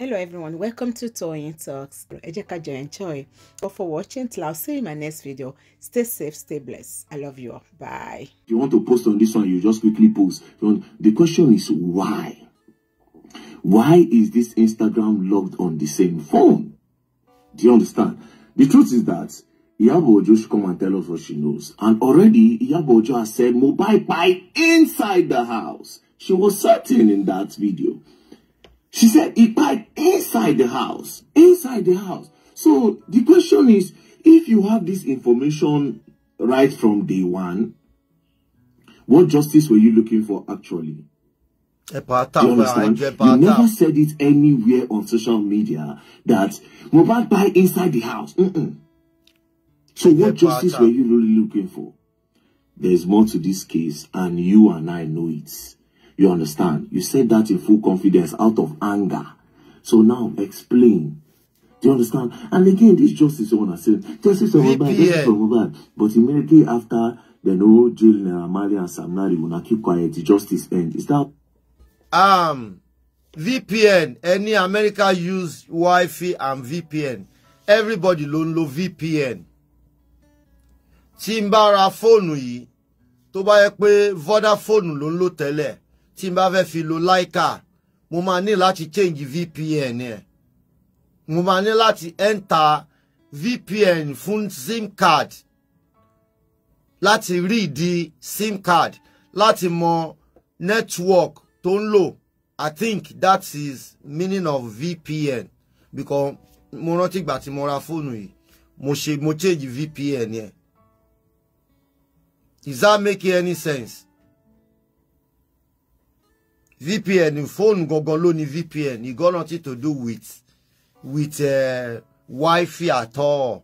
hello everyone welcome to toying talks ejeka enjoy but for watching till i'll see you in my next video stay safe stay blessed i love you all bye if you want to post on this one you just quickly post the question is why why is this instagram logged on the same phone do you understand the truth is that Iyabo Ojo should come and tell us what she knows. And already, Yabojo has said mobile by inside the house. She was certain in that video. She said he died inside the house. Inside the house. So the question is, if you have this information right from day one, what justice were you looking for actually? You, you never said it anywhere on social media that Mobad died inside the house. Mm -mm. So what justice were you really looking for? There's more to this case and you and I know it. You understand? You said that in full confidence out of anger. So now explain. Do you understand? And again, this justice one I said, justice from bad, justice from bad. But immediately after the no jail Naramali and Samnari will not keep quiet, the justice end. Is that um VPN? Any America use Wi-Fi and VPN. Everybody ló ń VPN. Tí phone bá ra fóònù Vodafone ló ń tele tí n bá fẹ́ fi lo laika mo máa ní láti change VPN ẹ̀ mo máa ní láti enter VPN fún sim card láti rí ìdí sim card láti mọ network tó ń lò I think that is meaning of VPN because mo rántí ìgbà tí mo ra fóònù yìí mo ṣe mo change VPN yẹn. Is that making any sense? vpn fóònù gangan ló ní vpn it got nothing to do with with uh, eh, fi at all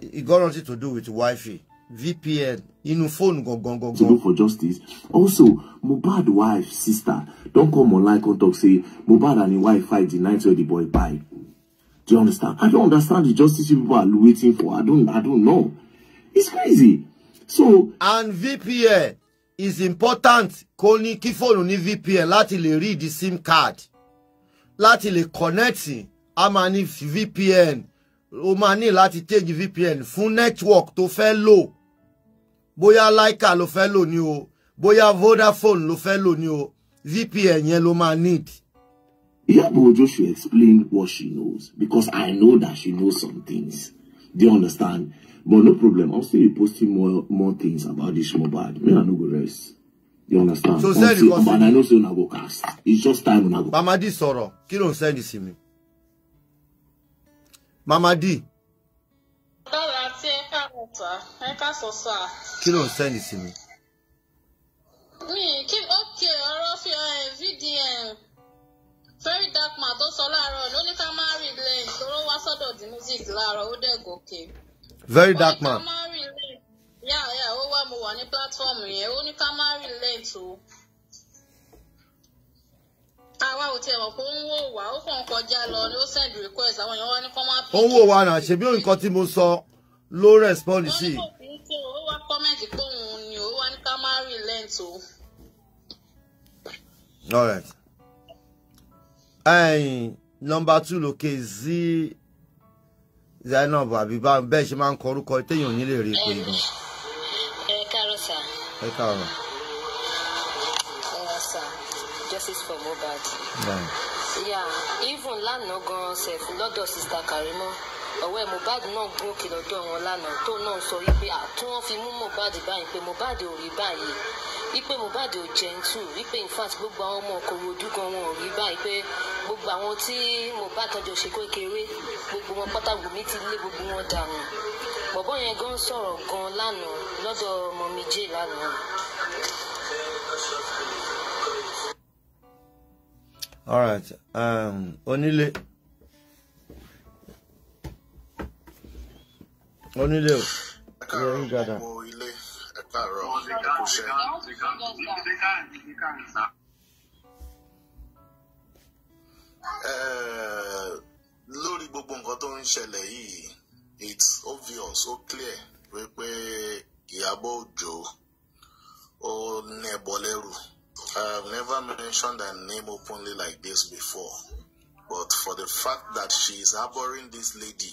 it got nothing to do with Wi-Fi. vpn inú fóònù gangan gangan. to look for justice also Mohbad wife sister don't come online come talk say Mohbad and im wife fight the night wey the boy buy do you understand i don't understand the justice you people are waiting for i don't. i don't know it's crazy so. and vpn is important kó ní kí fóònù ní VPN láti lè read the sim card láti lè connect a máa ní VPN o máa ní láti change VPN fún network tó fẹ́ lò bóyá Laika ló fẹ́ lò ní o bóyá Vodafone ló fẹ́ lò ní o VPN yẹn ló máa need. Iyabo should explain what she knows because I know that she knows some things. Do you understand? But no problem. I'm still posting more more things about this mobile. Me, I no go rest. You understand? So send it. But I know say una go cast. It's just time una go. Mama Di Soro, Kí ló ń send sí mi. Mama Di. Dọ́là tí ẹ ká wọ̀ sá, ẹ ká sọ sá. Kí ló ń send sí mi? Mi kí ókè VDM very dark man Don't solar. láàárọ̀ ló ní ká má rí lẹ́yìn tó ló wá sọ́dọ̀ D music láàárọ̀ ó dẹ̀ gòkè very dark man. yà yà ó wà mo wà ní platform yẹn ó ní ká má relate o àwa ò tiẹ̀ mọ̀ pé ó ń wò wá ó kàn kọjá lọ ni ó send request àwọn èèyàn wá ní kó má. ó ń wò wá náà ṣebí nǹkan tí mo sọ ló respond sí. ó ní kò sí pé ó wá comment pé òun ni ó wá ní ká má relent o. all right. Um, number two lókè zii. Zainab àbí bẹ́ẹ̀ ṣe máa ń kọ orúkọ téèyàn ò ní lè rí i pé gan. ẹ káàárọ̀ sà. ẹ káàárọ̀. ẹ sà justice for Mohbad. Yeah. even lánàá gan-an sef lọ́dọ̀ sista Karimo ọwọ́ ẹ̀ Mohbad náà gòkè lọ́dọ̀ wọn lánàá tó náà sọ wípé àtún wọn fi mú Mohbad báyìí pé Mohbad ò rí báyìí wípé Mohbad ò jẹ́ntù wípé in gbogbo àwọn ọmọ ọkọ̀wé ojúgọ wọn ò rí báyìí pé gbogbo àwọn tí Mohbad tọjọ ṣe kékeré gbogbo wọn pátágbòmí ti lé gbogbo wọn dànù bọ̀bọ́ yẹn gan sọ̀rọ̀ gan lánàá lọ́dọ̀ mọ̀mí jẹ́ lánàá. all right um, onílé. onílé o ìrọ̀rùn gàdà. lórí gbogbo nǹkan tó ń ṣẹlẹ̀ yìí it's obvious ó clear wípé Ìyábọ̀ Òjó ó ní ẹbọ lẹ́rù I never mentioned her name openly like this before but for the fact that she is harboring this lady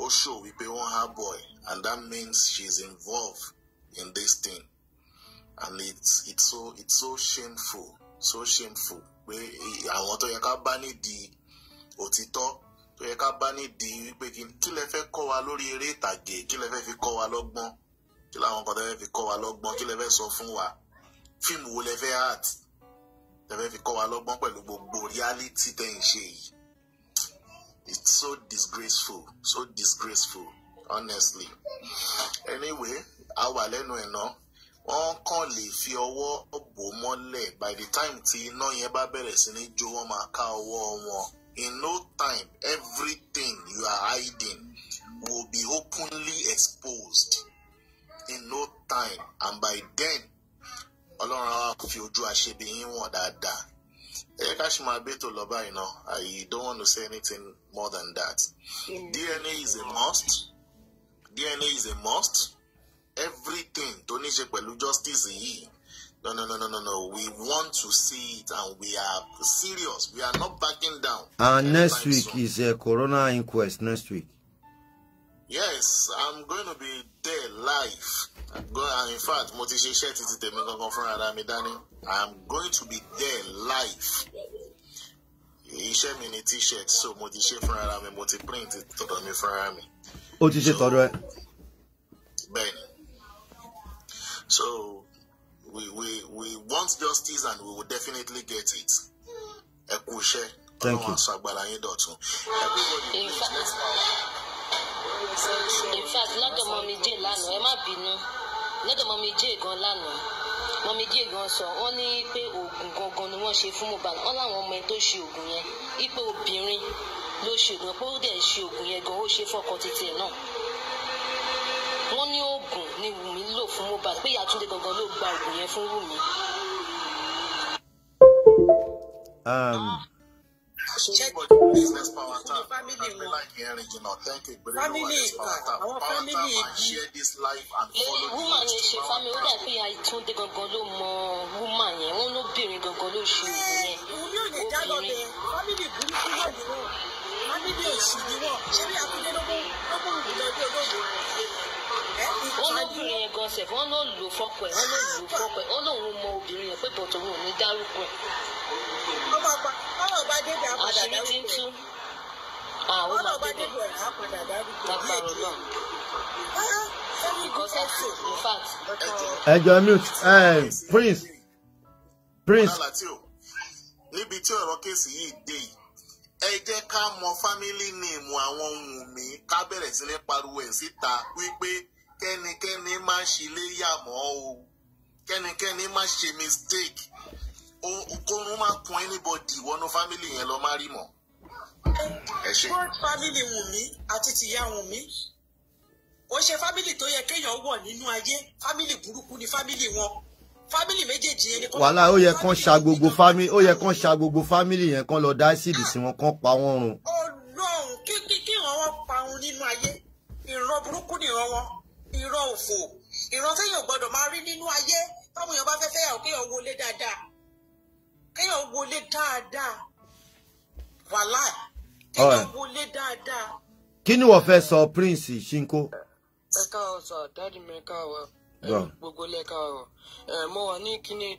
ó show wípé wọ́n her boy and that means she's involved in this thing and it's it's so it's so shameful so shameful pé àwọn tó yẹ ká bá nídìí òtítọ́ tó yẹ ká bá nídìí wípé kí lẹ fẹ́ kọ́ wa lórí eré ìtàgé kí lẹ fẹ́ fi kọ́ wa lọ́gbọ́n kí làwọn kan tẹ́ fẹ́ fi kọ́ wa lọ́gbọ́n kí lẹ fẹ́ sọ fún wa fíìmù wo lẹ fẹ́ art tẹ́ fẹ́ fi kọ́ wa lọ́gbọ́n pẹ̀lú gbogbo reality tẹ́ ń ṣe yìí It's so disgraceful, so disgraceful, honestly. Anyway, àwa lẹ́nu ẹ̀ náà wọ́n kàn lè fi ọwọ́ bò mọ́lẹ̀ by the time tí iná yẹn bá bẹ̀rẹ̀ sí ní jó wọ́n máa ká ọwọ́ wọn. In no time, everything you are hiding will be openly exposed. In no time, and by then, Ọlọ́run á fi ojú àṣebí yín wọ̀n dáadáa ẹ ká ṣì máa bẹ́tò lọ báyìí I don't want to say anything more than that DNA is a must DNA is a must everything tó ní ṣe pẹ̀lú justice yìí no no no no no no we want to see it and we are serious we are not backing down. and next week so. is a coroner inquest next week yes i'm going to be there live i'm and in fact mo ti ṣe iṣẹ́ títí tèmi gangan fúnra ara mi dání i'm going to be there live iṣẹ́ mi ni t-shirt so mo ti ṣe fúnra ara mi mo ti print tọ̀dọ̀ mi fúnra ara mi. ó ti ṣe tọ̀dọ̀ ẹ. bẹ́ẹ̀ni so we we we want justice and we will definitely get it ẹ kú iṣẹ́ Thank you. everybody please let's in fact lọ́dọ̀ mọ́mí jẹ́ lánàá ẹ má bínú lọ́dọ̀ mọ́mí jẹ́ gan lánàá mọ́mí jẹ́ gan sọ wọ́n ní pé oògùn gangan ni wọ́n ṣe fún Mohbad wọ́n láwọn ọmọ ẹ tó ṣe oògùn yẹn ipe obìnrin ló ṣe oògùn pé ó dẹ̀ ṣe oògùn yẹn gan ó ṣe fọkàn títí ẹ̀ náà wọ́n ní oògùn ni Wùmí lò fún Mohbad pé ìyá Túndé gangan ló gba oògùn yẹn fún Wùmí. um ṣe family ìka àwọn family ìjì lẹ́yìn eh, woman yẹn ṣe family ó dà pé àìtúndé gangan ló mọ woman yẹn wọn lóbìnrin gangan ló ṣe eh, òun yẹn obìnrin. family burúkú wà ní wọn family èṣù ní wọn ṣé bí akúndé ló mú ló mú ìdílé ẹgbẹ́ olóògbé wọ́n lóbìnrin yẹn gan sẹ̀ wọ́n ló lò fọ́pọ̀ ẹ̀ wọ́n ló lò fọ́pọ̀ ẹ̀ wọ́n lòun mọ obìnrin yẹn pé bọ̀tọ̀ òun ò ní dárúkọ ẹ̀. àṣírí ti ń tú àwọn máa débẹ̀ lápá náà ẹjọ mute prince prince. níbi tí ọ̀rọ̀ kéèsì yìí dé yìí ẹ jẹ́ ká mọ family name àwọn Wùnmí ká bẹ̀rẹ̀ sí ní pariwo ẹ̀ síta wípé kẹ́nikẹ́ni má ṣe léyà mọ́ o kẹ́nikẹ́ni má ṣe mistake kórun má kun anybody wọnú family yẹn lọ má rí mọ́. ẹ ṣe. wọ́n family Wùnmí àti tìyá Wùnmí ó ṣe family tó yẹ kéèyàn wọ̀ nínú ayé family burúkú ni family wọn fámìlì méjèèjì yẹn ni kọ́. wàhálà ó yẹ kán ṣa gbogbo fámìlì ó yẹ kán ṣa gbogbo fámìlì yẹn kán lọ dá ásìdì sí wọn kán pa wọn run. ọlọ́run oh, kí kí kí wọn wọn pa òun nínú ayé ìran burúkú nìran wọn ìran òfò ìran téèyàn gbọ́dọ̀ máa rí nínú ayé táwọn èèyàn bá fẹ́ fẹ́ yàwó kéèyàn wọlé dáadáa kéèyàn wọlé dáadáa wàhálà kéèyàn wọlé dáadáa. kí ni wọ́n fẹ́ sọ Prince Shinko. ẹ káàárọ̀ sọ dáàdì mi káàárọ̀. gbogbo ilé ẹ̀ka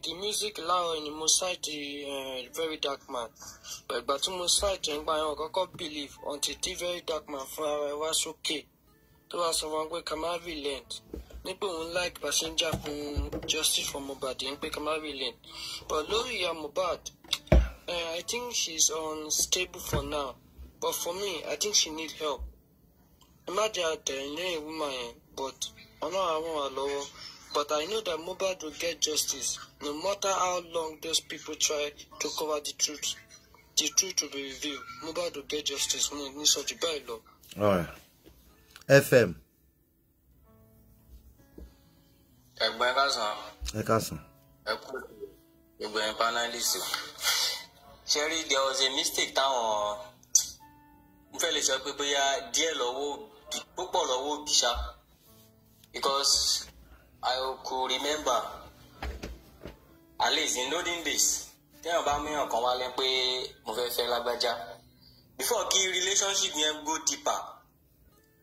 the music láàárọ̀ ni mo very dark man ìgbà tí mo ṣáìtì ń gba àwọn believe until the very dark man fún ara ẹ wá sókè tó wá sọ wọn pé kama relent ní pé òun like passenger fún justice for Mohbad ń pé kama relent but lórí ìyá I think she's unstable for now but for me I think she needs help ẹ má a àtẹ̀lé but. ọlọ́run àwọn wà but i know that Mohbad will get justice no matter how long those people try to cover the truth the truth will be revealed Mohbad will get justice mo ní sọ jù báyìí lọ. fm. ẹ̀gbọ́n ẹ kásán. ẹ kásán. ẹ panelist ṣẹ́rí there was a mistake táwọn n fẹ́ lè sọ pé bóyá díẹ̀ lọ́wọ́ púpọ̀ lọ́wọ́ òbí because I could remember at least in olden days téèyàn bá mìíràn kan wálé pé mo fẹ́ fẹ́ lágbájá before kí relationship yẹn go deeper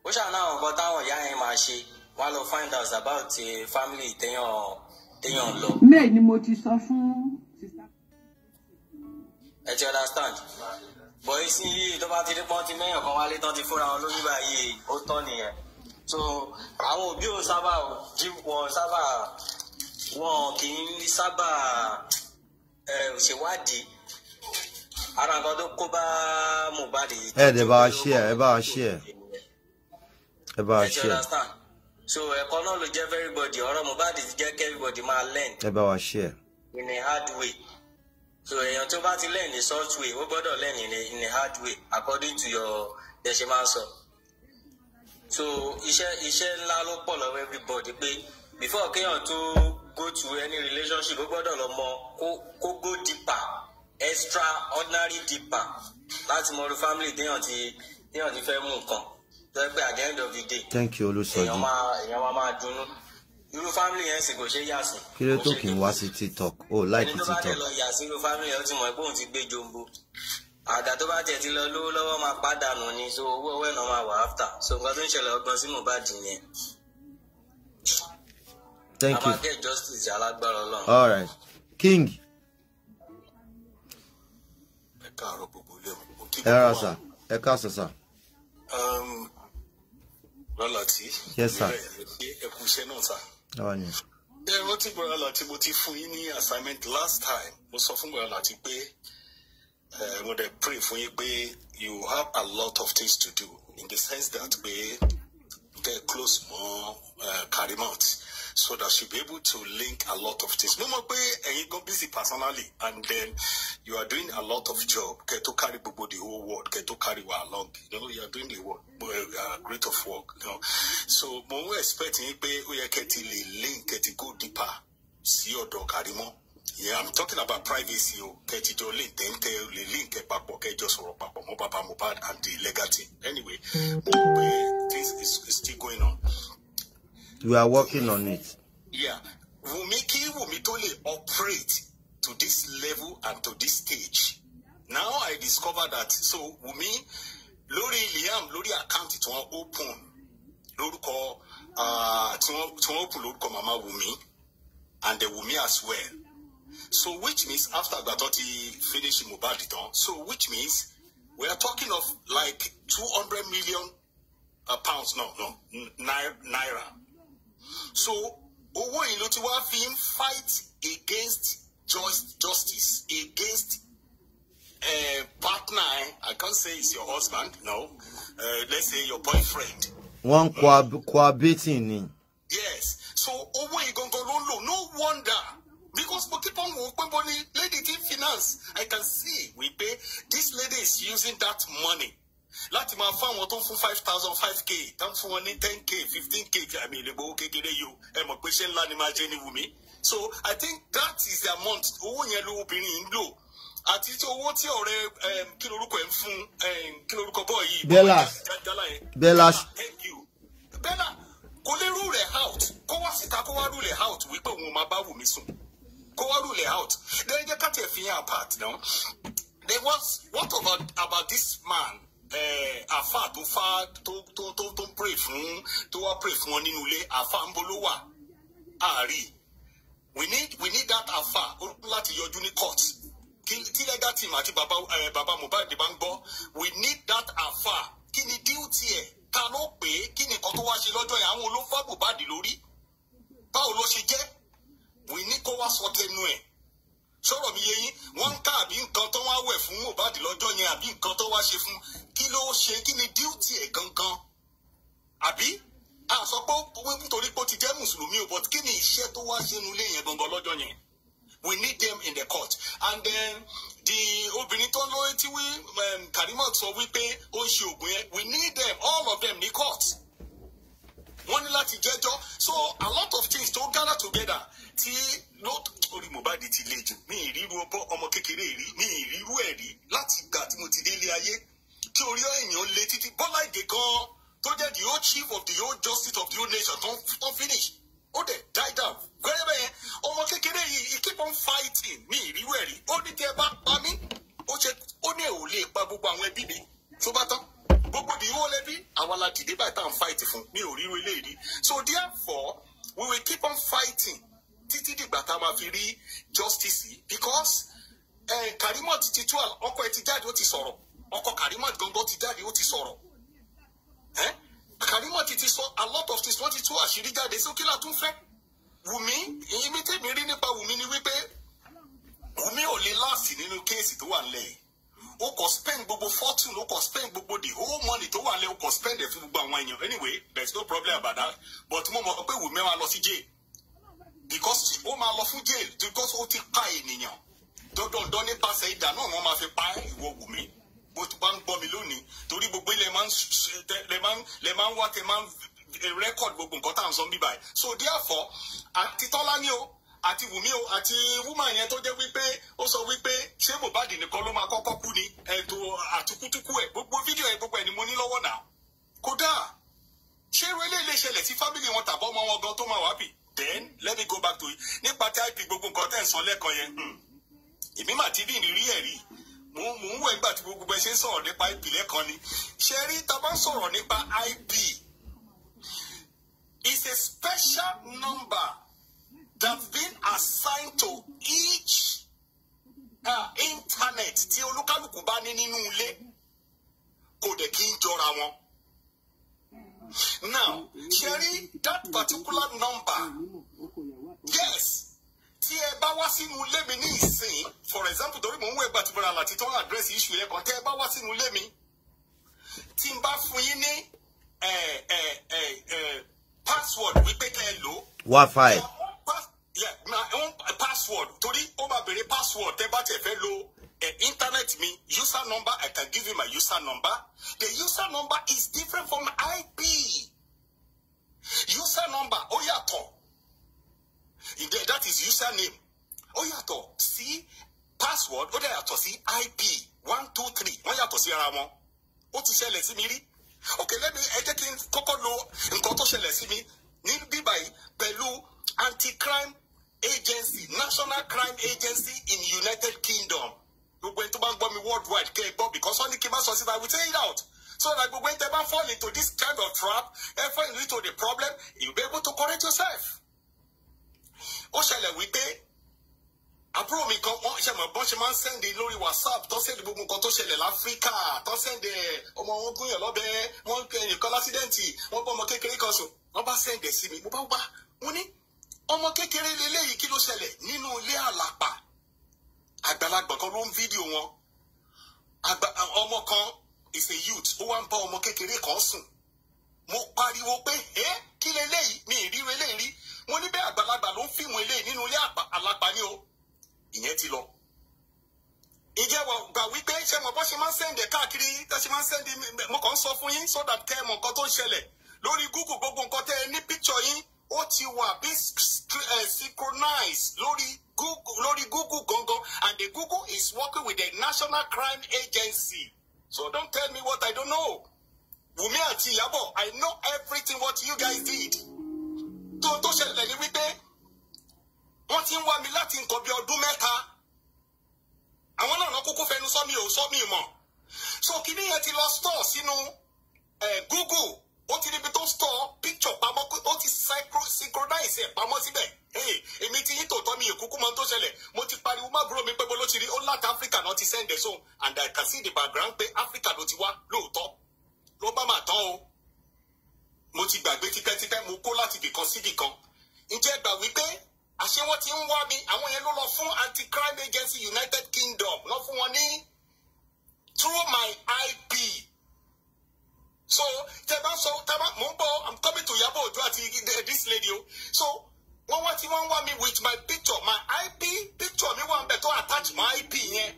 ó ṣàn náà nǹkan táwọn ìyá yẹn máa ṣe wá lọ find out about eh, family téèyàn téèyàn lọ. mail ni mo ti sọ fún. ẹ ti understand bọ̀ ẹ sí iye tó bá ti rí pọ́n ti mẹ́yàn kan wálé tán ti fúnra wọn lórí báyìí ó tọ́ nìyẹn so àwọn òbí ò sábà jí wọn sábà wọn kì í sábà ṣèwádìí ara nǹkan tó kó bá Mohbad yìí. ẹ ẹ bá a ṣe ẹ bá a ṣe ẹ bá a ṣe so ẹ̀kọ́ náà ló jẹ́ for everybody ọ̀rọ̀ Mohbad ti jẹ́ kí everybody máa learn. ẹ bá wa ṣe ẹ. in a hard way so èèyàn tó bá ti learn in soft way ó gbọ́dọ̀ learn in a, in a hard way according to your ẹ ṣe So so iṣẹ́ iṣẹ́ ńlá ló pọ̀ lọ́wọ́ everybody pé before kéèyàn tó go to any relationship ó gbọ́dọ̀ lọ mọ kó go deeper extra ordinary deeper láti mọ orí family téèyàn ti téèyàn ti fẹ́ mú nǹkan tó yẹ at the end of the day thank you olùsọjí èèyàn máa èèyàn máa máa dunnú irú family yẹn sì kò ṣe yà kí ló tó kì í wá sí tiktok ó oh, láìkí tiktok. ẹni tó bá dé lọ yà sí irú family yẹn ó ti mọ̀ pé òun ti gbé jombo àgà tó bá tiẹ̀ ti lọ lówó lọ́wọ́ máa pàdánù ni so owó ọwọ́ ẹ̀nà máa wà áfítà so nǹkan tó ń ṣẹlẹ̀ ọgbọ́n sí Mohbad yẹn. thank you àmàkẹ́ justice alágbára ọlọ́run. all right king. ẹ káàárọ̀ gbogbo ilé mi. ẹ rà sà ẹ káàsà sà. Um, lọ́la yes sir. ẹ kú iṣẹ́ náà sà. báwa ni. ẹ rántí gbọ́dọ̀ láti mo ti fún yín ní assignment last time mo sọ fún gbọ́dọ̀ láti pé. When eh, dẹ̀ pray for you, pé you have a lot of things to do in the sense that pé kẹ́ close more uh, Karimot so that she be able to link a lot of things. No more, mọ̀ and you gan busy personally and then you are doing a lot of job Get to carry gbogbo the whole world Get to carry wa along you know you are doing the work eh, uh, great of work you know so mo ń expect yín pé ó yẹ kẹ́ ti link get to go deeper see sí ọ̀dọ̀ Karimot. yeah i'm talking about privacy o oh. kẹtì jọ lè tẹ́ ń link ẹ papọ̀ kẹjọ sọ̀rọ̀ papọ̀ mọ́ bàbá Mohbad and the legacy. anyway mm. this is, still going on. We are working on it. yeah Wunmi kí Wunmi tó lè operate to this level and to this stage now i discover that so Wunmi lórí Liam lórí account tí wọ́n open lórúkọ uh, tí to open call mama Wumi, and the Wumi as well so which means after Gatoti ti finish Mohbad tán so which means we are talking of like two hundred million uh, pounds no no naira so owó yìí ló ti wá fight against just, justice against a uh, partner eh? I can't say it's your husband no uh, let's say your boyfriend. wọ́n ń cohabiting ni. yes so owó yìí gangan ló ń lò no wonder because mo keep on wo pé mo ní lady tí finance i can see we pay this lady is using that money láti máa fún àwọn tó ń fún five thousand five k tó ń fún wọn ní ten k fifteen k àmì ìlẹ̀gbọ́ owó kékeré yìí o ẹ mọ̀ pé iṣẹ́ ńlá ni máa jẹ́ ní wùmí so i think that is the amount owó yẹn ló obìnrin ń lò àti owó tí ọ̀rẹ́ kí lorúkọ ẹ̀ ń fún kí lorúkọ bọ́ọ̀ yìí bella bella thank you bella kò lè rule out kó wá síta kó wá rule out wípé òun máa bá wùmí sùn kó rule out then jẹ́ ká tiẹ̀ fi apart náà there was what about about this man àfa eh, tó fa tó tó tó tó pray fún tó wá pray fún wọn nínú ilé àfa ń bolo we need we need that àfa láti yọjú ní court tí legal team àti baba eh, baba Mohbad bá ń gbọ́ we need that àfa kí duty ẹ̀ ta ló pè é kí ni nǹkan tó wá yẹn àwọn olófàbò bá lórí báwo ló ṣe jẹ́ wì ní kó wá sọ tẹnu ẹ̀ sọ̀rọ̀ mi yé yín wọ́n ń ká àbí nǹkan tó wá wẹ̀ fún Mohbad lọ́jọ́ yẹn àbí nǹkan tó wá ṣe fún kí ló ṣe kí ni díùtì ẹ̀ gangan àbí a sọ pé wí nítorí pé ó ti jẹ́ mùsùlùmí o but kí ni iṣẹ́ tó wá ṣe nulẹ̀ yẹn gangan lọ́jọ́ yẹn we need them in the court and then the obìnrin tó lórí tí wí um, Karimot sọ wípé ó ń ṣe oògùn yẹn we need them all of them ní court wọ́n ní láti jẹ́jọ́ so a lot of things tó gather together tí lórí Mohbad ti le jù mí ìríru ọbọ ọmọ kékeré rí mí ìríru ẹ̀ rí láti gbà tí mo ti délé ayé tí orí èèyàn le títí Bọ́lá Ìgè gan tó jẹ́ the old chief of the old justice of the old nation tó finish ó dẹ̀ die down gbẹ́rẹ́bẹ́ yẹn ọmọ kékeré yìí he keep on fighting mí ìríru ẹ̀ rí ó ní tí ẹ bá pa mí ó ṣe ó ní èrò lè pa gbogbo àwọn ẹbí mi tó bá tán gbogbo the whole ẹbí àwa la dìde báyìí tá à ń fight fún mi ò ríru eléyìí so therefore we will keep on fighting máa fi rí justice because Karimot ti twelve ọkọ ẹ ti jáde ó ti sọ̀rọ̀ ọkọ Karimot gangan ti jáde ó ti sọ̀rọ̀ Karimot ti sọ a lot of things wọ́n ti tú àṣírí jáde sókè látún fẹ́ Wùmí ìyí mi tèmi rí nípa Wùmí ni wípé Wùmí ò lè láàsì nínú kéèsì tó wà nílẹ̀ yìí ó spend gbogbo fortune ó kàn spend gbogbo the whole money tó wà lẹ́ ó kàn spend ẹ̀ fún gbogbo àwọn èèyàn anyway there is no problem about that but mo mọ̀ pé Wùmí wá lọ sí jail because ó máa lọ fún jail because ó ti pa ènìyàn dọ́dọ̀dọ́ nípasẹ̀ ìdá náà wọ́n máa fi pa ìwọ wù mí bó ti bá ń gbọ́ mi lónìí torí gbogbo ilẹ̀ máa ń wá tẹ máa ń record gbogbo nǹkan tá à ń sọ bíbá so therefore àti tọ́lá ni o àti wùmí o àti woman yẹn tó jẹ́ wípé ó sọ wípé ṣé Mohbad nìkan ló máa kọ́kọ́ kú ni ètò àtúkútúkú ẹ̀ gbogbo fídíò ẹ̀ gbogbo ẹ̀ ni mo ní lọ́wọ́ náà kódà ṣé eré ilé ìṣẹ̀lẹ̀ tí fámìlì wọn tàbọ́ ọmọ wọn gan tó máa wá bì then let me go back to it nípa táìpì gbogbo nǹkan tẹ̀ ń sọ lẹ́ẹ̀kan yẹn hmm. èmi mà ti rí ìrírí ẹ̀ rí mò ń mò ń wẹ̀ nígbà tí gbogbo ẹ ṣe ń sọ̀rọ̀ nípa ip lẹ́ẹ̀kan ni ṣe rí tá a bá ń sọ̀rọ̀ nípa ip is a special number that's been assigned to each internet tí olúkálùkù bá ní nínú ilé kò dẹ̀ kí ń jọra wọn now ṣẹ́rí that particular number yes tí ẹ bá wá sínú ilé mi ní ìsìn for example torí mò ń wọ ẹgbà tí mo ra àlàtí tó ń àdírẹ́sì ìṣù yẹn kan tẹ́ ẹ bá wá sínú ilé mi tí n bá fún yín ní password wípé kẹ́ ẹ lò. Wi-Fi. password torí ó máa béèrè password tẹ́ bá tẹ̀ fẹ́ lò uh, internet me user number. I can give you my user number. The user number is different from IP. User number, Oyato. yàtọ̀. That is user name. Oyato. See password, ó dẹ̀ yàtọ̀ sí IP one two three. Wọ́n yàtọ̀ sí ara wọn. Ó ti ṣẹlẹ̀ sí mi rí. Okay, let me ẹ jẹ́ kí n kọ́kọ́ lo nǹkan tó ṣẹlẹ̀ sí mi ní bíbáyìí pẹ̀lú anti-crime agency, National Crime Agency in United Kingdom gbogbo ẹni tó bá ń gbọ́ mi worldwide kẹ́ ẹ gbọ́ because only ní kí n má sọ síta I will take it out so that gbogbo ẹni tẹ́ bá fall into this kind of trap ẹ fall into the problem you be able to correct yourself. ó ṣẹlẹ̀ wípé àbúrò mi kan wọ́n ṣe mọ̀ bọ́n ṣe máa ń sẹ́ndì lórí whatsapp tó sẹ́ndì gbogbo nǹkan tó ṣẹlẹ̀ láfíríkà tó sẹ́ndì ọmọ wọn gúnyàn lọ́bẹ̀ wọn nìkan lásídẹ́ǹtì wọn bọ́ ọmọ kékeré kan sùn wọ́n bá sẹ́ndì sí mi mo bá wá mo ní ọmọ kékeré lélẹ́yìí kí ló ṣẹlẹ̀ nínú ilé àlàpà àgbàlagbà kan ló ń fídíò wọn ọmọ kan is a youth ó wá ń bá ọmọ kékeré kan sùn mo pariwo pé ẹ kí leléyìí mi ìrírí eléyìí rí mo ní bẹ́ẹ̀ àgbàlagbà ló ń fíìmù eléyìí nínú ilé àlàpà ni o ìyẹn ti lọ ìjẹ́ wọ gbà wípé ṣé mo bọ́ ṣe máa ń sẹ́ǹdẹ̀ káàkiri tẹ́ ṣe máa ń sẹ́ǹdẹ̀ mo kàn ń sọ fún yín so that kẹ́ ẹ mọ nǹkan tó ń ṣẹlẹ̀ lórí Google gbogbo nǹkan tẹ́ ẹ ní picture yín ó ti wà bí eh, synchronize lórí Google, lórí Google gangan and the Google is working with the National Crime Agency. So don't tell me what I don't know. Wùmí àti Ìyábọ̀, I know everything what you guys did. Tó tó ṣẹlẹ̀ ni wípé wọ́n ti ń wá mi láti nǹkan bí ọdún mẹ́ta. Àwọn náà náà kúkú fẹnu sọ mi ò sọ mi mọ̀. So kìnìyẹn ti lọ store sínú eh, Google ó ti níbi tó store picture pamọ́ pé ó ti synchronize ẹ̀ pamọ́ síbẹ̀ èmi ti yín tòótọ́ mi ìkúkú mọ́ tó ṣẹlẹ̀ mo ti pariwo má gbúrò mi pé bolo ti rí ó láti Africa náà ti send ẹ̀ and I can see the background pé Africa ló ti wá lóòótọ́ ló bá mà tán o mo ti gbàgbé tipẹ́tipẹ́ mo kó láti bìkan síbì kan ǹjẹ́ gbà wípé àṣé wọ́n ti ń wá mi àwọn yẹn ló lọ fún anti-crime agency United Kingdom lọ fún wọn ní through my IP so tẹ bá sọ tẹ bá mò ń bọ i'm coming to Ìyábọ̀ Òjó àti this lady o so wọ́n wá tí wọ́n wá mi with my picture my ip picture mi wà ń bẹ̀ tó attach my ip yẹn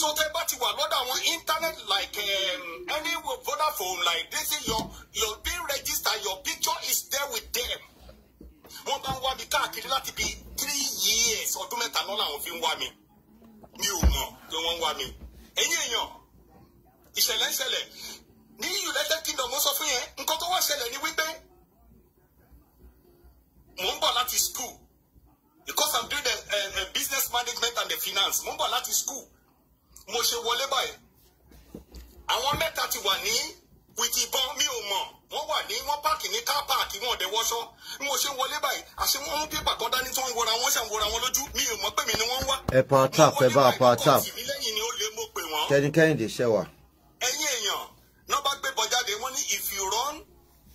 so tẹ bá ti wà lọ́dọ̀ àwọn internet like um, any Vodafone like this your your being registered your picture is there with them wọ́n bá ń wá mi káàkiri láti bí three years ọdún mẹ́ta náà làwọn fi ń wá mi mi ò mọ̀ pé wọ́n ń wá mi ẹ̀yin èèyàn ìṣẹ̀lẹ̀ ìṣẹ̀lẹ̀ ní United Kingdom mo sọ fún yẹn nǹkan tó wá ṣẹlẹ̀ ni wípé mò ń bọ̀ láti school because I'm doing the uh, uh, business management and the finance mò ń bọ̀ láti school mo ṣe wọlé báyìí àwọn mẹ́ta ti wà ní wìtì ìbọn mi ò mọ̀ wọ́n wà ní wọ́n páàkì ní car park wọn ọ̀dẹ̀ wọṣọ bí mo ṣe wọlé báyìí àṣẹ wọn mú pépà kan dání tí wọ́n ń wọra wọn ṣàn wọra wọn lójú mi ò mọ̀ pé mi ni wọ́n wá. ẹ pa tap ẹ bá a pa tap tẹnikẹ́yìn dè ṣẹ́wàá náà bá gbébọn jáde wọ́n ní if you run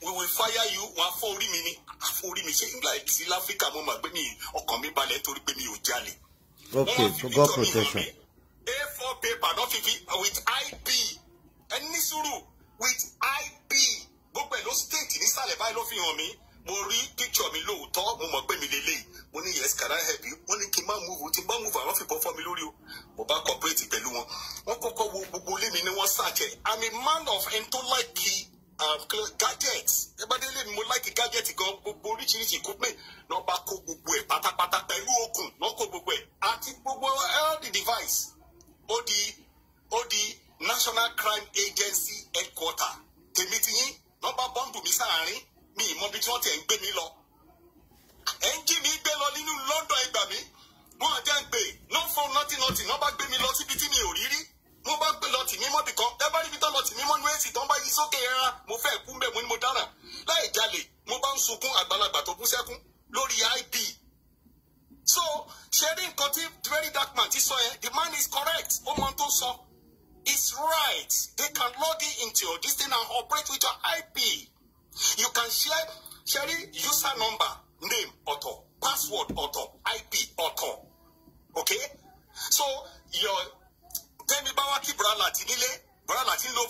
we will fire you wọ́n afọ orí mi ni afọ orí mi ṣe ń láì sí láfíríkà mo mà gbé mi ọkàn mi balẹ̀ torí pé mi ò jalè. okay for God protection. a4 paper náà fi fi with IP. ẹni sùúrù with IP. gbogbo ẹ̀ ló state nísàlẹ̀ báyìí ló fi hàn mí mo rí picture mi lóòótọ́ mo mọ̀ pé mi. of him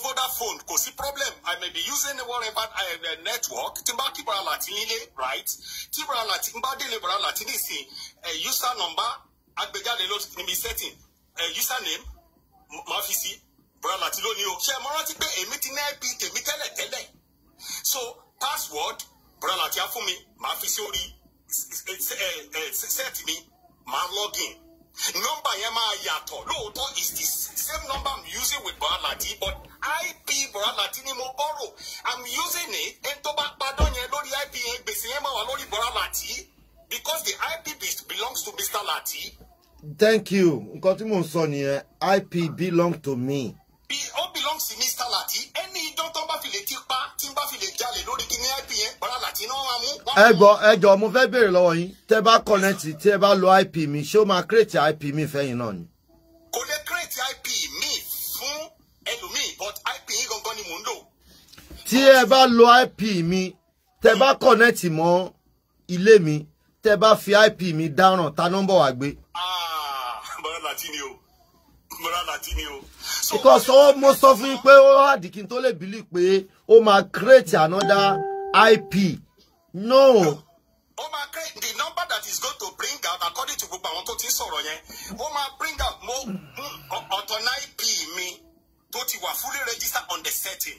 Vodafone kò sí problem I may be using whatever uh, network tí n bá kí Bọ́lá Láti nílé right tí Bọ́lá Láti n bá délé Bọ́lá Láti nísìn eh, user number agbèjáde ló níbi setting eh, username máa fi sí Bọ́lá Láti lónìí o ṣe mo rántí pé èmi ti náà bí tèmi tẹ́lẹ̀ tẹ́lẹ̀ so password Bọ́lá Láti á fún mi máa fi sí orí set mi máa login nọ́mbà yẹn máa yàtọ̀ lóòótọ́ is the same number i'm using with Bọ́lájí but ip Bọ́lájí ni mo borrow i'm using it ẹni tó bá padọ́ yẹn lórí ip yẹn gbèsè yẹn máa wà lórí Bọ́lájí because the ip belongs to Mr. Lati. thank you nǹkan tí mò ń sọ nìyẹn ip belong to me be ó belongs to Mr Lati ẹni idán tó bá fi lè ti pa tí bá fi lè jalè lórí kíní ip yẹn Lati náà wà mú. ẹ gbọ́ ẹ jọ mo fẹ́ béèrè lọ́wọ́ yín tẹ́ bá connect tẹ́ bá lo ip mi ṣé ó máa create ip mi fẹ́yìn náà ni. kò lè create ip mi fún ẹlòmíì but ip yín gangan ni mò ń lò. tí ẹ bá lo ip mi tẹ́ bá connect mọ́ ilé mi tẹ́ bá fi ip mi dáràn ta nọ́mbọ̀ wá gbé. Ah, bọ́lá Lati ni o because all most of fún yín pé ó the kí n tó lè bílí pé ó create another ip no. ó máa create the number that is going to bring out according to gbogbo àwọn tó ti ń sọ̀rọ̀ yẹn ó bring out mo ọ̀tọ̀ ip mi tó ti wà fully register on the setting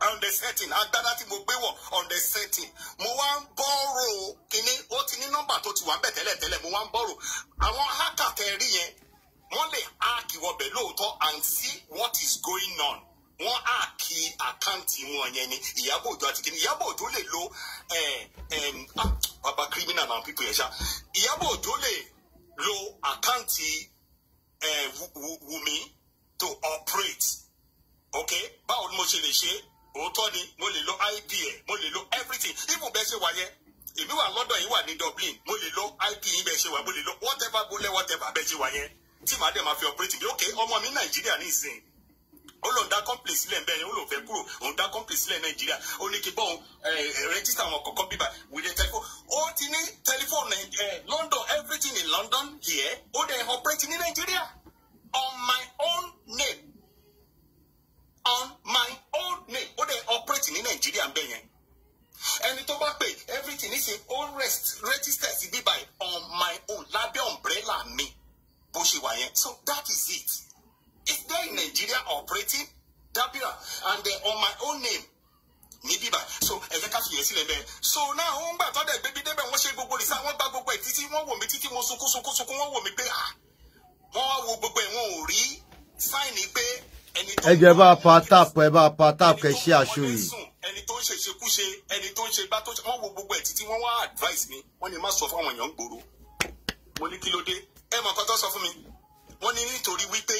on the setting agbada tí mo gbé wọ̀ on the setting mo wá ń bọ́rò kínní ó ti ní nọ́mbà tó ti wà ń bẹ̀ tẹ́lẹ̀ mo wá ń bọ́rò àwọn hákà tẹ̀ rí yẹn wọ́n lè hack wọbẹ̀ lóòótọ́ and see what is going on wọ́n hack àkáǹtì wọn yẹn ni Ìyábọ̀ Òjó àti kìnìún Ìyábọ̀ Òjó lè lo Papa ah, criminal and people yẹn ṣá Ìyábọ̀ Òjó lè lo àkáǹtì Wùmí to operate ok báwo ni mo ṣe lè ṣe òótọ́ ni mo lè lo ip ẹ̀ mo lè lo everything even bẹ́ẹ̀ ṣe wà yẹn èmi wà lọ́dọ̀ yìí wà ní Dublin mo lè lo ip yìí bẹ́ẹ̀ ṣe wà mo lè lo whatever mo lẹ́ whatever bẹ́ẹ̀ ṣe wà tí màá dẹ̀ máa fi operating bí ok ọmọ mi nàìjíríà ní ìsìn ó lòun dá company sílẹ̀ bẹ́ẹ̀ yẹn ó lòun fẹ́ kúrò òun dá company sílẹ̀ nàìjíríà ó ní kí bọ́ọ̀ rẹ́gísítà àwọn kọ̀ọ̀kan bíbá with a telephone ó ti ní telephone London everything in London here ó dẹ̀ operate ní nàìjíríà on my own name on my own name ó dẹ̀ operate ní nàìjíríà bẹ́ẹ̀ yẹn ẹni tó bá pè everything ní ṣe ó rest register sí bíbá on my own lábẹ́ umbrella mi bó ṣe wà yẹn so that is it if they in Nigeria operating dabira and uh, on my own name ní bíbá so ẹ jẹ́ ká fìyẹn sílẹ̀ bẹ́ẹ̀ so náà wọ́n gbà tọ́jà ìgbébí débẹ̀ wọ́n ṣe gbogbo ìsá wọ́n gba gbogbo ẹ̀ títí wọ́n wò mí títí mo sunkún sunkún sunkún wọ́n wò mí pé ah wọ́n wá wo gbogbo ẹ̀ wọ́n ò rí sáìnì pé ẹni tó. ẹ jẹ́ bá a pa táàpù ẹ bá a pa táàpù ẹ ṣe aṣọ yìí. ẹni tó ń ṣe ìṣekúṣe ẹni tó ń ṣe gbá tó ṣe wọ́n wo gbogbo ẹ̀ títí wọ́n wá advice mi wọ́n ní má sọ fáwọn èèyàn gbòòrò mo ní kí ló dé ẹ mọ̀ nǹkan tó sọ fún mi wọ́n ní nítorí wípé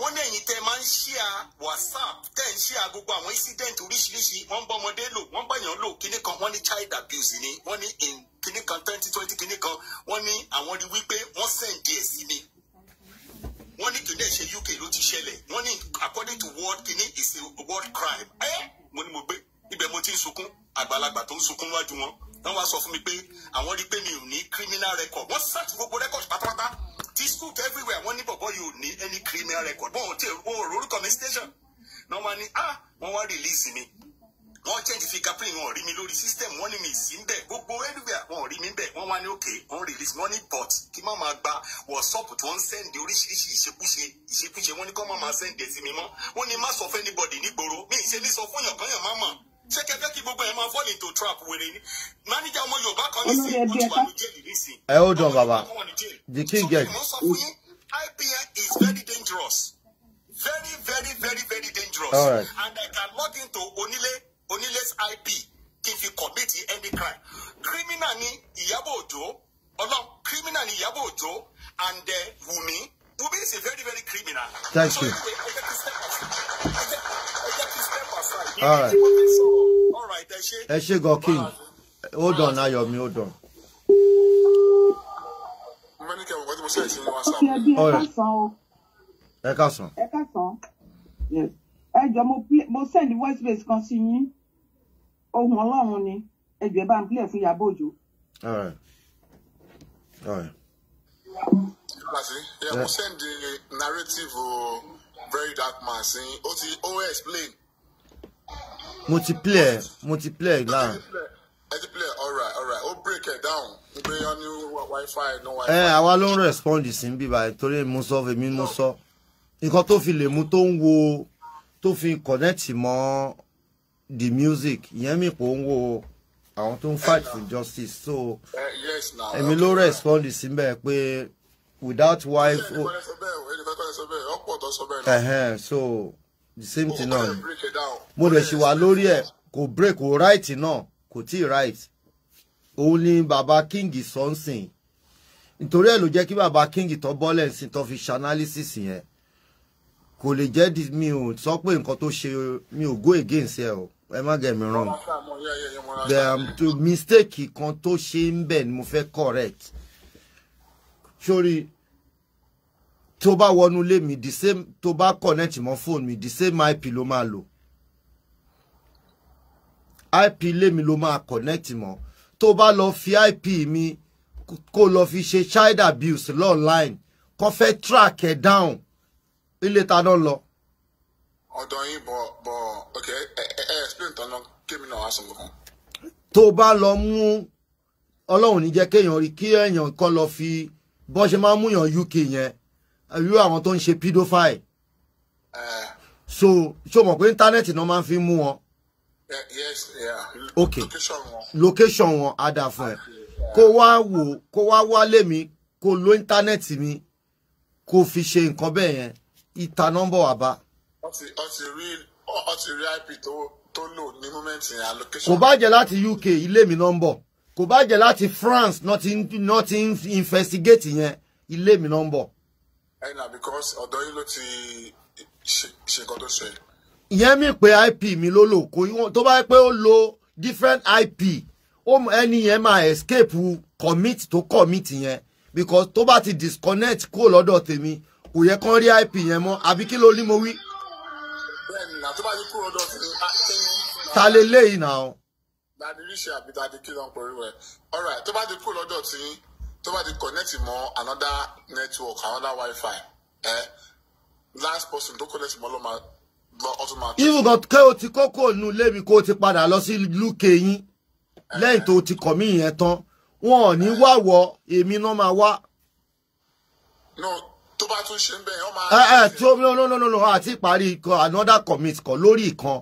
wọ́n ní ẹ̀yin tẹ́ máa ń ṣíà whatsapp tẹ́ ń ṣíà gbogbo àwọn incident oríṣiríṣi wọ́n ń bọ́ ọmọdé lò wọ́n ń bàyàn lò kíní kan wọ́n ní child abuse ni wọ́n ní kíní kan twenty twenty kíní kan wọ́n ní àwọn rí wípé wọ́n sẹ̀ǹdì ẹ̀ sí mi wọ́n ní kìnìún ṣe UK ló ti ṣẹlẹ̀ wọ́n ní according to world kìnìún is a world crime ẹ́ mo ní mo gbé ibẹ̀ mo ti ń sunkún àgbàlagbà tó ń sunkún wájú wọn wọ́n wá sọ fún mi pé àwọn rí pé mi ò ní criminal record wọ́n search gbogbo record pátápátá ti school to everywhere wọ́n ní bọ̀bọ̀ yìí ò ní any criminal record bọ́n ò tí ò orúkọ mi station náà wọ́n ní ah wọ́n wá release mi wọ́n change fingerprint wọn ò rí mi lórí system wọ́n ní mi sí ń bẹ̀ gbogbo everywhere wọn ò rí mi ń bẹ̀ wọ́n wá ní òkè wọ́n release mi wọ́n ní but kí má máa gba whatsapp tí wọ́n ń send oríṣiríṣi ìṣekúṣe ìṣekúṣe wọ́n ní kọ́ má máa send ẹ̀ sí mi mọ́ wọ́n ní má sọ fún anybody nígboro mi ì ṣe ní sọ fún yàn kan yàn má mọ̀ ṣé kẹfẹ́ kí gbogbo ẹ̀ máa fall into trap wèrè ni manager ọmọ yorùbá kan ní sí ojú wa ní jẹ́lì nísìn. ẹ ó dán bàbá the king get. so is very dangerous very very very very dangerous right. and I can log into onílé onílé's IP kí n fi commit any crime criminal ni Ìyábọ̀ Òjó ọlọ́run criminal ni Ìyábọ̀ Òjó and uh, eh, Wumi Wumi is a very very criminal. thank so, you all right All ẹ ṣe gan king hold on Ayọ̀mí hold on. ẹ ká sàn. ẹ ká sàn ẹ jọ mo send voice base kan sí yín ohun Ọlọ́run ni ẹ jọ ẹ bá ń play fún Ìyábọ̀ Òjó. all right all right. Yeah, yeah. send the narrative of oh, Very Dark Man saying, ó ti ó explain mo ti play mo ti play lára. àwa ló ń respond sí ń bíbá torí mo sọ fèmí mo sọ nǹkan tó fi lè mú tó ń wo tó fi connect mọ́ the music ìyẹn mi kò ń wo àwọn tó ń fight for justice so èmi ló respond sí ń bẹ̀ pé without wife. ẹ̀hẹ́n so the same thing náà ni mo dẹ̀ ṣì wà lórí ẹ̀ kò break kò right náà kò tí right òun baba king sọ́nsìn nítorí ẹ̀ ló jẹ́ kí baba king to bọ́lẹ̀ ń sin fi ṣe analysis yẹn kò lè jẹ́ mi ò sọ pé nǹkan tó ṣe mi ò go against e. o ẹ má get me wrong the mistake kan tó ṣe ń bẹ̀ ni mo fẹ́ correct sórí tó bá wọnú ilé mi the same tó bá connect mọ́ phone mi the same ip ló máa lò ip ilé mi ló máa connect mọ́ tó bá lọ fi ip mi kó lọ fi ṣe child abuse lọ́ọ̀line kó fẹ́ track ẹ̀ down ilé ta náà lọ. ọ̀dọ̀ yín bọ̀ bọ̀ ok ẹ ẹ explain tán lọ kémi náà wá sọ lọ́kàn. tó bá lọ mú ọlọ́run ní jẹ́ kéèyàn rí kí èèyàn kan lọ fi bọ́n ṣe máa ń múyàn uk yẹn irú àwọn tó ń ṣe pedophile eh. so ṣó mọ̀ pé íńtánẹ́ẹ̀tì náà máa ń fi mú wọn. Eh, yes yeah. ok location wọn á dà fún ẹ kó wá wò kó wá wálé mi kó lo íńtánẹ́ẹ̀tì mi kó fi ṣe nǹkan bẹ́ẹ̀ yẹn ìta nọ́mbà wà bá. ọ ti rí ip tó tó lò ní mọ́mẹ́ǹtì yẹn allocation. kò bá jẹ́ láti UK ilé mi nọ́mbọ̀ kò bá jẹ́ láti France náà ti ń investigate yẹn ilé mi nọ́mbọ̀ ẹnà because ọ̀dọ̀ yín ló ti ṣe nǹkan tó ṣe. ìyẹn mi pé ip mi ló lò kó tó bá yẹ pé ó lo different ip ẹni yẹn máa escape commit tó commit yẹn because tó bá ti disconnect kúrò lọ́dọ̀ tèmi kò yẹ kán rí ip yẹn mọ́ àbí kí ló ní mo wí. bẹ́ẹ̀ni na tó bá ti kúrò lọ́dọ̀ tèmi á ah, tẹyìn. ta lè léyìn náà. dadi ríṣe àbí dadi kí ló ń pẹ̀lú ẹ̀ ọ̀rẹ́ tó bá ti kúrò lọ́dọ̀ tèmi tó bá ti connect mọ́ another network another wifi ẹ eh? last person tó connect mọ́ ló máa lọ automatic. irú gan kẹ́ o ti kókó nu lébi kó o ti padà lọ sí UK yín lẹ́yìn tó o ti kọ̀ mí yẹn tán wọn ò ní wá wọ èmi náà máa wá. no tó bá tún ṣe ń bẹ̀ ọ́ máa. ẹ ẹ tí o no no no no àti ìparí ikọ̀ another commit kan lórí ìkan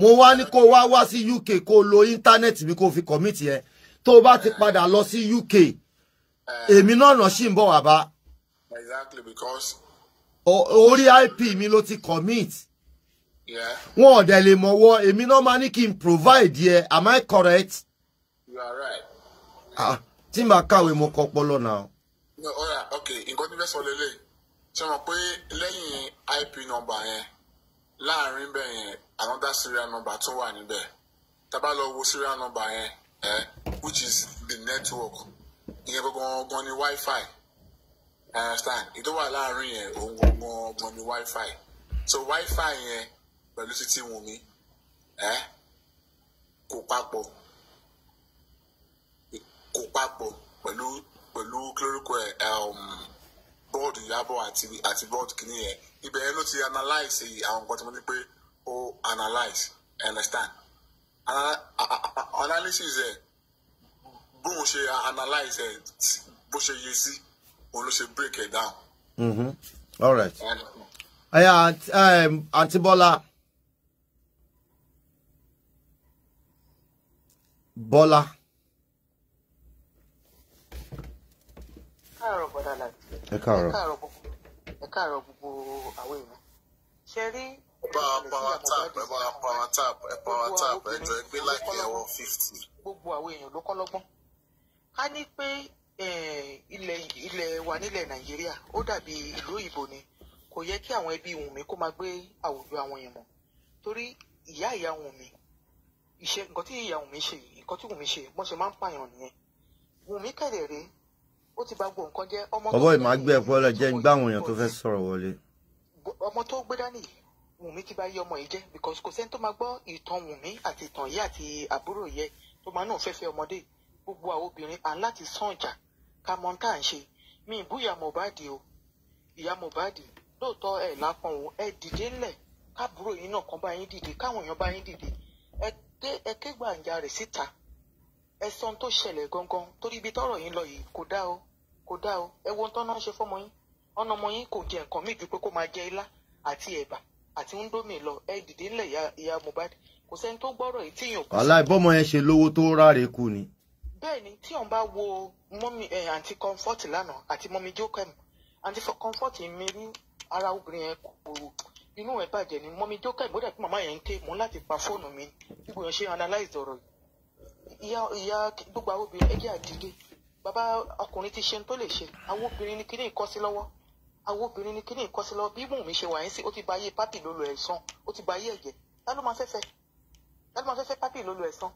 mo wá ní kó wá wá sí UK kó lo íńtánẹ́ẹ̀tì mi kó fi commit yẹn tó o bá ti padà lọ sí UK. Eh. èmi náà nà ṣì ń bọ̀ wá bá. exactly because. orí ip mi ló ti commit. wọn ò dẹ̀ lè mọ̀wọ́ èmi náà máa ní kí n provide yẹ am I correct. you are right. ah tí màá kàwé mo kọ ọpọlọ náà. no ọ̀rà ok nǹkan tí bẹ́ẹ̀ sọ lélẹ̀ ṣe mọ̀ pé lẹ́yìn ip nọ́mbà yẹn láàrin bẹ́ẹ̀ yẹn another serial number tó wà níbẹ̀ tá bá lọ wo serial number yẹn eh, which is the network ìyẹn gbọ̀ngàn ni wifi I understand ìtò wà láàrin yẹn òun gbọ̀ngàn ni fi so Wi-Fi wifi yẹn pẹ̀lú títí wù mí ẹ kò papọ̀ kò papọ̀ pẹ̀lú pẹ̀lú kílórúkọ ẹ̀ um, bọ́ọ̀dù Ìyábọ̀ àti àti bọ́ọ̀dù kìíní yẹn ibẹ̀ yẹn ló ti analyse àwọn nǹkan tí mo ní pé ó analyse understand analysis yẹn bóun ṣe analyse ẹ bó ṣe yẹ sí òun ló ṣe break ẹ down. Mm-hmm. All right. ẹyà um, àǹtí Bọ́lá Bọ́lá. káàárọ̀ bọ́dà láti. ẹ káàárọ̀. ẹ káàárọ̀ gbogbo àwọn èèyàn. ṣe rí power tap ẹ power tap ẹ power tap ẹ jọ ẹgbẹ́ láìpẹ́ ẹ̀wọ̀n fifty. gbogbo àwọn èèyàn ló kọ́ lọ́gbọ́n ká ní pé eh, ilẹ̀ ilẹ̀ wa nílẹ̀ nàìjíríà ó dàbí ìlú òyìnbó ni kò yẹ kí àwọn ẹbí Wùnmí kó máa gbé àwùjọ àwọn èèyàn mọ́ torí ìyá ìyá Wùnmí ìṣe nǹkan tí ìyá Wùnmí ṣe yìí nǹkan tí Wùnmí ṣe wọ́n ṣe máa ń pààyàn nìyẹn Wùnmí kẹ̀lẹ̀ rèé ó ti bà gbogbo nǹkan jẹ́ ọmọ tó ọbọ̀ ìmọ̀ àgbẹ̀ ẹ̀kọ́ ọ̀la jẹ́ gbá àwọn èèyàn tó fẹ́ sọ̀rọ̀ wọlé. ọmọ tó gbé dání Wùnmí ti bà yé ọmọ yìí jẹ́ because kò sẹ́ni tó máa gbọ́ ìtàn Wùnmí àti ìtàn yìí àti àbúrò yẹ tó máa náà fẹ́fẹ́ ọmọdé yìí gbogbo àwọn obìnrin à ń láti sàn jà ká mọ tá ń ṣe mi ìbú ìyá Mohbad o ìyá Mohbad lóòótọ́ ẹ̀ lápọn o ẹ dìde ńlẹ̀ káàbúrò yín náà kan bá yín dìde káwọn èèyàn bá yín dìde ẹ ké gbàǹjà rẹ̀ síta ẹ sọ tó ṣẹlẹ̀ gangan torí ibi tọ́rọ̀ yín lọ yìí kò dá o kò dá o ẹ wo ohun tó náà ṣe fọ́mọ yín ọ̀nà ọmọ yín kò jẹ nǹkan míì ju pé kó máa jẹ ilá àti ẹ̀bà àti ńdómì lọ ẹ dìde ńlẹ̀ ìyá Mohbad kò sẹ́ni tó gbọ́rọ̀ yìí bẹ́ẹ̀ ni tí òun bá wo mọ́mí ẹ̀ eh, àǹtí comfort lánàá àti mọ́mí jókèmù for comfort mi rí ara obìnrin yẹn kòkòrò inú ẹ̀ bàjẹ́ ni mọ́mí jókèmù ó dẹ̀ pé màmá yẹn ń ké mò ń láti pa fóònù mi gbogbo yẹn ṣe analyze ọ̀rọ̀ yìí ìyá ìyá gbogbo àwọn obìnrin ẹ̀jẹ̀ àdìgẹ́ bàbá ọkùnrin ti ṣe ń tó lè ṣe àwọn obìnrin ni kíní ìkọ́sí lọ́wọ́ àwọn obìnrin ni kíní ìkọ́sí lọ́wọ́ bí mò ń ṣe wà yín sí ó ti ba ayé pápì lólo ẹ̀sán ó ti ba ayé ẹ̀jẹ̀ ta fẹ́fẹ́ ta fẹ́fẹ́ pápì lólo ẹ̀sán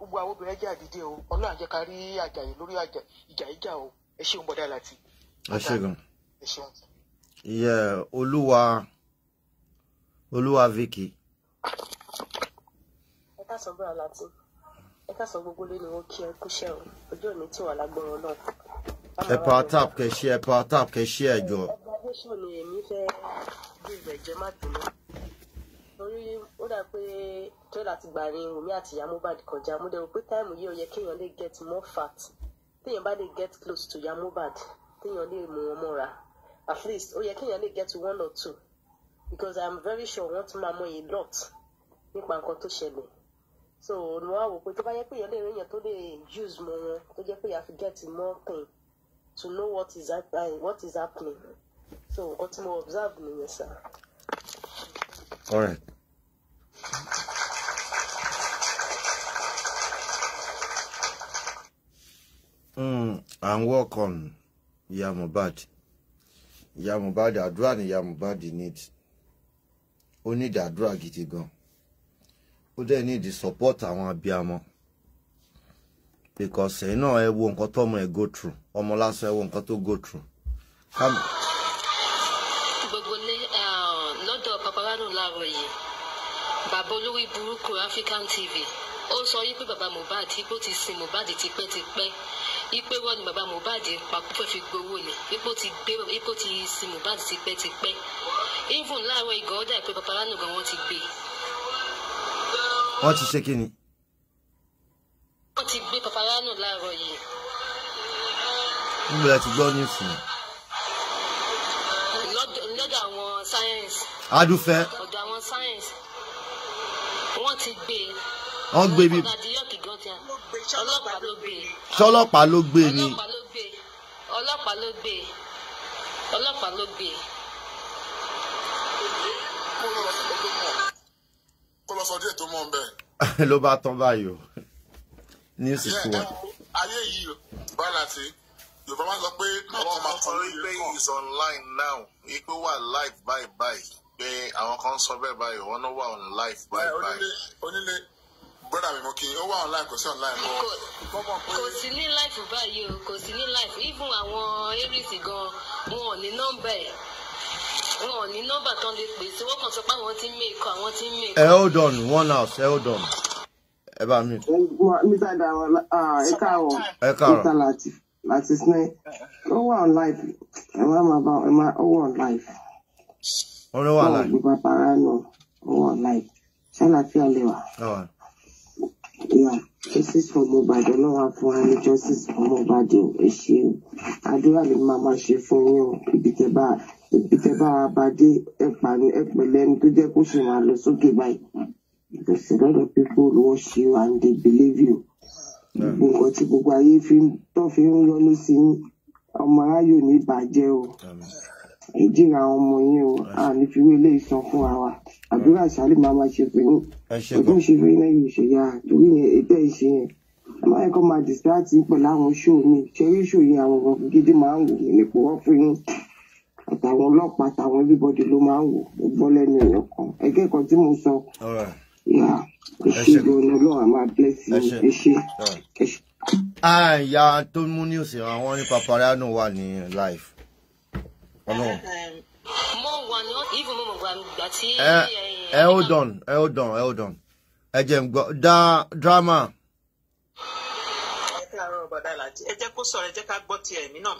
gbogbo àwọn obìnrin ẹjẹ àdìdẹ o Ọlọ́run àjẹ ká rí àjàyè lórí ìjà ìjà o ẹ ṣeun bọdá láti. ẹ ṣeun ẹ ṣeun. iye olúwa olúwa Vicky. ẹ ká sọ bọ́ra láti ẹ ká sọ gbogbo lé ni kí ẹ kúṣẹ́ o ojú òní tí wà lágbọ́rọ̀ náà. ẹ pa tap kẹ ṣe ẹ pa tap kẹ ṣe ẹ jọ. ọgbà ni èmi fẹ́ bí ìgbẹ̀jẹ̀ má bínú torí ó dà pé torí àti gbàre Wùmí àti ìyá kọjá mo dẹ̀ rò pé táìmù yìí ó yẹ kéèyàn lè get more fat téèyàn bá lè get close to ìyá téèyàn lè mú wọn mọ́ra at least ó yẹ kéèyàn lè get one or two because i'm very sure wọ́n tún máa mọ a lot nípa nǹkan tó ṣẹlẹ̀ so ni wọ́n á wò pé tó bá yẹ pé èèyàn lè réyàn tó lè use mọ wọn tó jẹ́ pé you get more pain to know what is, uh, what is happening so nǹkan tí mo observe nìyẹn sir. all right. mm, and work on Ìyá Mohbad Ìyá Mohbad àdúrà ni Ìyá need ó need àdúrà gidi gan ó dẹ̀ need support àwọn abiyamọ because you know, I won't nǹkan tọ́mọ ẹ go through ọmọ lásán ẹ wo nǹkan tó go through. gbogbo ní eh, lọ́dọ̀ babaláwo láàárọ̀ yìí bàbá olórí burúkú African ó sọ yí pé bàbá Mohbad ipò ti sin Mohbad tipẹ́tipẹ́ ipe wọn ni bàbá Mohbad papò fẹ́ fi gbowó ni ipò ti gbé ipò ti sin Mohbad tipẹ́tipẹ́ even láàárọ̀ ìgò ọ̀dà ìpè babaláwo gan wọ́n ti gbé. wọ́n ti ṣe kí ni. wọ́n ti gbé babaláwo láàárọ̀ yìí. níbo la gbọ́ ní fún un. lọ́dọ̀ àwọn sáyẹ́nsì. adúfẹ́. ọ̀dọ̀ àwọn sáyẹ́nsì wọ́n ti gbé e wọ́n gbé bí. ṣọlọ́pàá ló gbé ni. ọlọ́pàá ló gbé ọlọ́pàá ló gbé. kó lọ sọ díẹ̀ tó mọ̀ bẹ́ẹ̀. ló bá tán báyìí o ní sùkúù wa. ayé yìí báyìí àti yorùbá máa ń sọ pé àwọn ọmọ kan rí pé is online now ipe wà live báyìí báyìí pé àwọn kan sọ bẹ́ẹ̀ báyìí wọn náà wà on live báyìí báyìí. onílé onílé brother mi mo kí ó wà online kò sí online bọ́. kò sí ní life báyìí o kò sí ní life even àwọn aries gan wọn ò ní nọ́mbà ẹ̀ wọn ò ní nọ́mbà tán lè pè sí wọ́n kàn sọ pé àwọn tí ń mèkọ́ àwọn tí ń mèkọ́. ẹ eh, hold on one house ẹ eh, hold on ẹ bá mi. Eh, mr dawo ah, ẹ káàárọ̀ ẹ káàárọ̀ mr lati lati sinai ó wà online ẹ má má bá ẹ má ó wà online. ó ló wà online. ó wà online ṣé àlàáfíà lè wà yeah justice for Mohbad ọlọ́wà fún wa ní justice for Mohbad ẹ ṣeun àdúrà lè máa máa ṣe fún yín o oh. ibi tẹ bá ibi tẹ bá wa bá dé ẹ pàánù ẹ pẹ̀lẹ́ ẹni tó jẹ́ kó ṣe máa lọ sókè because a lot of people watch you and they believe you gbogbo hmm. nǹkan tí gbogbo ayé fi tó fi ń yọnu sí ọmọ aráyò ní ìbàjẹ́ o. Oh ìdíra ọmọ yín o a ní fi wé ilé ìsan fún wa àdúrà sálẹ máa máa ṣe fún yín ọdún ṣe fún yín lẹ́yìn ìṣẹyà torí yẹn ètò ìṣe yẹn àmọ́ kọ́ máa distract yín pẹ̀lú àwọn ṣó mi ṣẹ́rí ṣó yín àwọn ọ̀gá gidi máa ń wò mí nípò wọ́n fún yín àtàwọn ọlọ́pàá àtàwọn everybody ló máa ń wò ó gbọ́ lẹ́nu èèyàn kan ẹgbẹ́ kan tí mo sọ ìṣègùn ọlọ́run àmà bless you ẹ ṣe ẹ ṣe. àyà ah, tó mú ní àwọn ní paparazzi wà ní life ẹ um, eh, eh, eh, hold on hold on hold on Ejem jẹ́ n drama. ẹ káàárọ̀ sọ̀rọ̀ ẹ jẹ́ ká gbọ́ tiẹ̀ mí náà.